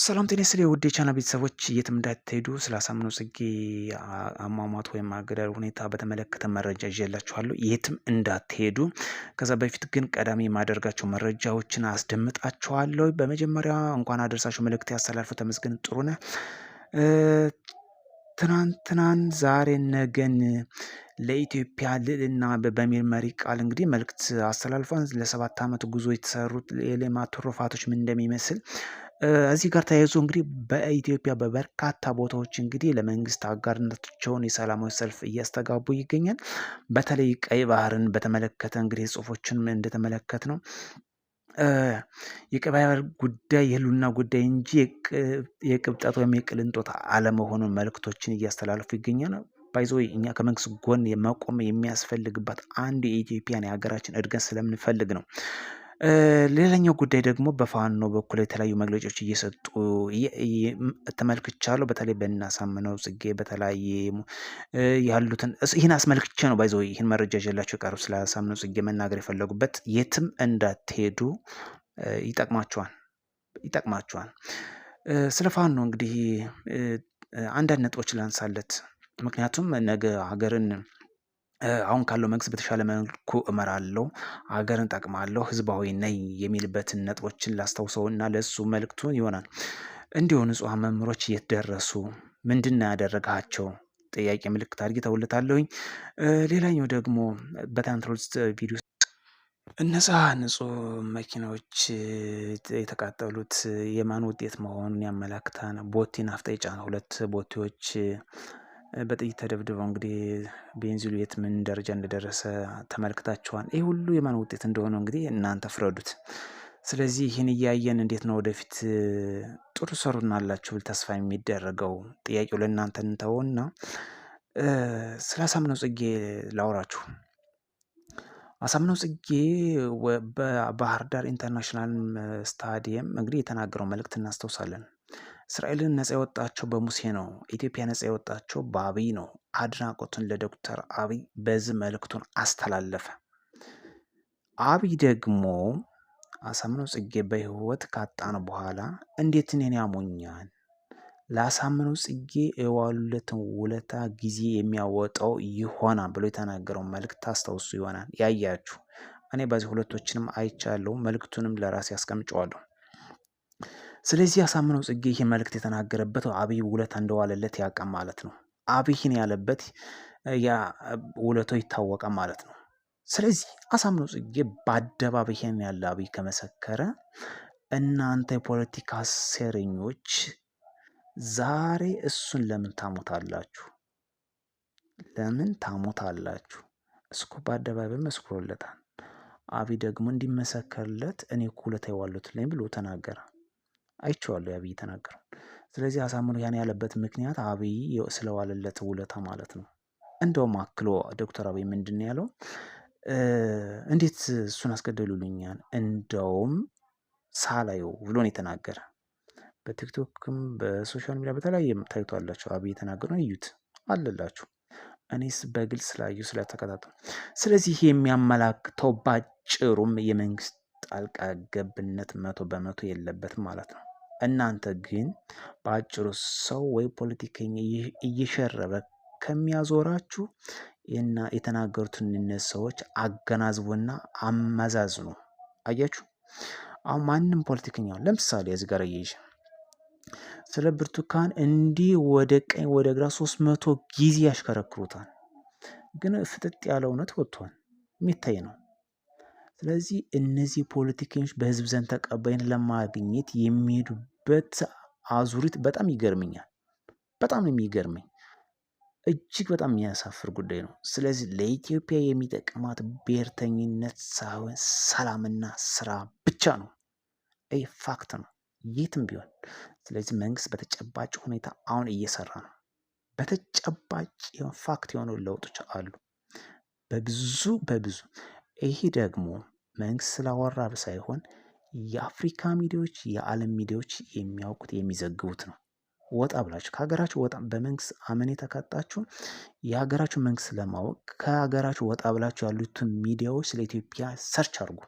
ሰላም ጤና ስለ ውድ የቻና ቤተሰቦች የትም እንዳትሄዱ ስለ አሳምነው ጽጌ አሟሟት ወይም አገዳደል ሁኔታ በተመለከተ መረጃ ይዤላችኋለሁ። የትም እንዳትሄዱ። ከዛ በፊት ግን ቀዳሚ የማደርጋቸው መረጃዎችን አስደምጣችኋለሁ። በመጀመሪያ እንኳን አደርሳችሁ መልእክት ያስተላልፈው ተመስገን ጥሩነህ ትናንትናን ዛሬ ነገን ለኢትዮጵያ ልዕልና በሚል መሪ ቃል እንግዲህ መልእክት አስተላልፏን ለሰባት ዓመት ጉዞ የተሰሩት የሌማት ትሩፋቶች ምን እንደሚመስል እዚህ ጋር ተያይዞ እንግዲህ በኢትዮጵያ በበርካታ ቦታዎች እንግዲህ ለመንግስት አጋርነታቸውን የሰላማዊ ሰልፍ እያስተጋቡ ይገኛል። በተለይ ቀይ ባህርን በተመለከተ እንግዲህ ጽሁፎችን እንደተመለከት ነው የቀይ ባህር ጉዳይ የህልውና ጉዳይ እንጂ የቅብጠት ወይም የቅልንጦት አለመሆኑን መልእክቶችን እያስተላለፉ ይገኛል። ባይዞ እኛ ከመንግስት ጎን መቆም የሚያስፈልግባት አንዱ የኢትዮጵያን የሀገራችን እድገት ስለምንፈልግ ነው። ሌላኛው ጉዳይ ደግሞ በፋኖ በኩል የተለያዩ መግለጫዎች እየሰጡ ተመልክቻለሁ። በተለይ በናሳምነው ጽጌ በተለያየ ያሉትን ይህን አስመልክቼ ነው ባይዘ ይህን መረጃ ይዤላቸው የቀሩ ስለ ጽጌ መናገር የፈለጉበት የትም እንዳትሄዱ ይጠቅማቸዋል ይጠቅማቸዋል። ስለ ፋኖ እንግዲህ አንዳንድ ነጥቦች ላንሳለት፣ ምክንያቱም ነገ ሀገርን አሁን ካለው መንግስት በተሻለ መልኩ እመራለሁ፣ አገርን ጠቅማለሁ፣ ህዝባዊ ነኝ የሚልበትን ነጥቦችን ላስታውሰው ላስታውሰውና ለእሱ መልእክቱ ይሆናል። እንዲሁ ንጹሐ መምህሮች የት ደረሱ? ምንድን ነው ያደረጋቸው? ጥያቄ ምልክት አድርጌ ተውልታለሁኝ። ሌላኛው ደግሞ በታንትሮልስ ቪዲዮ እነዛ ንጹህ መኪናዎች የተቃጠሉት የማን ውጤት መሆኑን ያመላክታል። ቦቲ ናፍጣ የጫነ ሁለት ቦቴዎች በጥይት ተደብድበው እንግዲህ ቤንዚሉ የት ምን ደረጃ እንደደረሰ ተመልክታችኋል። ይህ ሁሉ የማን ውጤት እንደሆነ እንግዲህ እናንተ ፍረዱት። ስለዚህ ይህን እያየን እንዴት ነው ወደፊት ጥሩ ሰሩና አላችሁ ብል ተስፋ የሚደረገው ጥያቄው ለእናንተ እንተወና ስለ አሳምነው ጽጌ ላውራችሁ። አሳምነው ጽጌ በባህር ዳር ኢንተርናሽናል ስታዲየም እንግዲህ የተናገረው መልእክት እናስታውሳለን። እስራኤልን ነጻ የወጣቸው በሙሴ ነው። ኢትዮጵያ ነጻ የወጣቸው በአብይ ነው። አድናቆትን ለዶክተር አብይ በዚህ መልእክቱን አስተላለፈ። አብይ ደግሞ አሳምነው ጽጌ በህይወት ካጣን በኋላ እንዴት እኔን ያሞኛል? ለአሳምነው ጽጌ የዋሉለትን ውለታ ጊዜ የሚያወጣው ይሆናል ብሎ የተናገረው መልእክት አስታውሱ ይሆናል። ያያችሁ እኔ በዚህ ሁለቶችንም አይቻለሁ። መልእክቱንም ለራሴ አስቀምጨዋለሁ። ስለዚህ አሳምነው ጽጌ ይህ መልእክት የተናገረበት አብይ ውለታ እንደዋለለት ያቀ ማለት ነው። አብይን ያለበት ያ ውለቶ ይታወቃል ማለት ነው። ስለዚህ አሳምነው ጽጌ በአደባባይ ይህን ያለ አብይ ከመሰከረ እናንተ የፖለቲካ ሴረኞች ዛሬ እሱን ለምን ታሞታላችሁ? ለምን ታሞታላችሁ? እስኮ በአደባባይ መስክሮለታል። አብይ ደግሞ እንዲመሰከርለት እኔ እኮ ውለታ ብሎ ተናገረ። አይቼዋለሁ አብይ የተናገረው። ስለዚህ አሳምኖ ያን ያለበት ምክንያት አብይ ስለዋለለት ውለታ ማለት ነው። እንደውም አክሎ ዶክተር አብይ ምንድን ነው ያለው? እንዴት እሱን አስገደሉልኛል እንደውም ሳላየው ብሎን የተናገረ በቲክቶክም በሶሻል ሚዲያ በተለያየ ታይቷላቸው አብይ የተናገረው እዩት አለላችሁ። እኔስ በግልጽ ስላዩ ስለተከታተሉ። ስለዚህ የሚያመላክተው ባጭሩም የመንግስት ጣልቃ ገብነት መቶ በመቶ የለበትም ማለት ነው። እናንተ ግን በአጭሩ ሰው ወይ ፖለቲከኛ እየሸረበ ከሚያዞራችሁ እና የተናገሩትን እነት ሰዎች አገናዝቡና አመዛዝኑ። አያችሁ፣ አሁን ማንም ፖለቲከኛ ለምሳሌ እዚህ ጋር እየይዤ ስለ ብርቱካን እንዲህ ወደ ቀኝ ወደ ግራ ሶስት መቶ ጊዜ ያሽከረክሩታል፣ ግን ፍጥጥ ያለ እውነት ወጥቷል፣ የሚታይ ነው። ስለዚህ እነዚህ ፖለቲከኞች በህዝብ ዘንድ ተቀባይነት ለማግኘት የሚሄዱ በት አዙሪት በጣም ይገርመኛል። በጣም ነው የሚገርመኝ። እጅግ በጣም የሚያሳፍር ጉዳይ ነው። ስለዚህ ለኢትዮጵያ የሚጠቅማት ብሔርተኝነት ሳይሆን ሰላምና ስራ ብቻ ነው። ይህ ፋክት ነው የትም ቢሆን። ስለዚህ መንግስት በተጨባጭ ሁኔታ አሁን እየሰራ ነው። በተጨባጭ ፋክት የሆኑ ለውጦች አሉ። በብዙ በብዙ ይሄ ደግሞ መንግስት ስላወራ ሳይሆን የአፍሪካ ሚዲያዎች የዓለም ሚዲያዎች የሚያውቁት የሚዘግቡት ነው። ወጣ ብላችሁ ከሀገራችሁ ወጣ በመንግስት አመኔታ ካጣችሁ የሀገራችሁ መንግስት ለማወቅ ከሀገራችሁ ወጣ ብላችሁ ያሉትን ሚዲያዎች ስለ ኢትዮጵያ ሰርች አድርጉ።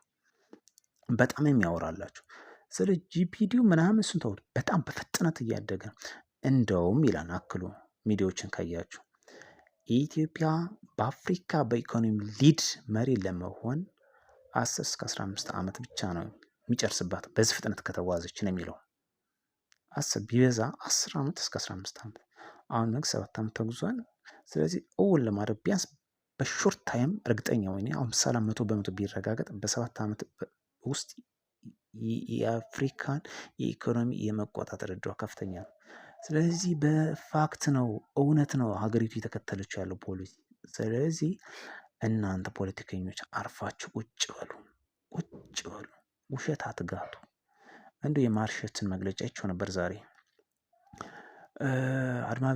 በጣም የሚያወራላችሁ ስለ ጂፒዲዩ ምናምን እሱን ተውት። በጣም በፍጥነት እያደገ ነው። እንደውም ይላል አክሉ ሚዲያዎችን ካያችሁ ኢትዮጵያ በአፍሪካ በኢኮኖሚ ሊድ መሪ ለመሆን 10 እስከ አስራ አምስት ዓመት ብቻ ነው የሚጨርስባት በዚህ ፍጥነት ከተጓዘች ነው የሚለው። አስር ቢበዛ አስር ዓመት እስከ አስራ አምስት ዓመት አሁን ነግ ሰባት ዓመት ተጉዟል። ስለዚህ እውን ለማድረግ ቢያንስ በሾርት ታይም እርግጠኛ ወይ አሁን ምሳሌ መቶ በመቶ ቢረጋገጥ በሰባት ዓመት ውስጥ የአፍሪካን የኢኮኖሚ የመቆጣጠር እድሯ ከፍተኛ ነው። ስለዚህ በፋክት ነው እውነት ነው ሀገሪቱ የተከተለች ያለው ፖሊሲ። ስለዚህ እናንተ ፖለቲከኞች አርፋችሁ ቁጭ በሉ፣ ቁጭ በሉ። ውሸት አትጋቱ አንዱ የማርሸትን መግለጫ ይቸው ነበር ዛሬ። አድማ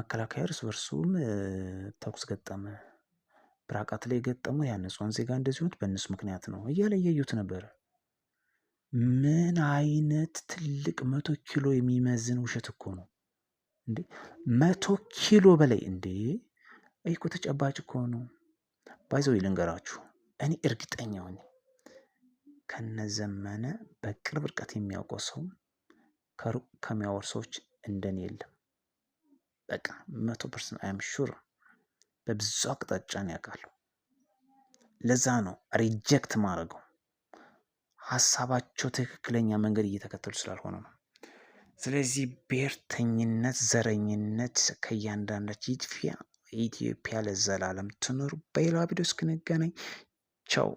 መከላከያ እርስ በርሱም ተኩስ ገጠመ። ብራቃት ላይ የገጠመው ያ ዜጋ እንደዚሁት በእነሱ ምክንያት ነው እያለ እያዩት ነበር። ምን አይነት ትልቅ መቶ ኪሎ የሚመዝን ውሸት እኮ ነው እንዴ! መቶ ኪሎ በላይ እንዴ! ይህ እኮ ተጨባጭ እኮ ነው። ባይዘው ይልንገራችሁ እኔ እርግጠኛ ነኝ ከነዘመነ በቅርብ ርቀት የሚያውቀው ሰው ከሩቅ ከሚያወር ሰዎች እንደኔ የለም። በቃ መቶ ፐርሰንት አይም ሹር በብዙ አቅጣጫን ያውቃሉ። ለዛ ነው ሪጀክት ማድረገው ሀሳባቸው ትክክለኛ መንገድ እየተከተሉ ስላልሆነ ነው። ስለዚህ ብሔርተኝነት፣ ዘረኝነት ከእያንዳንዳች ይጥፊያ። ኢትዮጵያ ለዘላለም ትኑር። በሌላ ቪዲዮ እስክንገናኝ ቻው።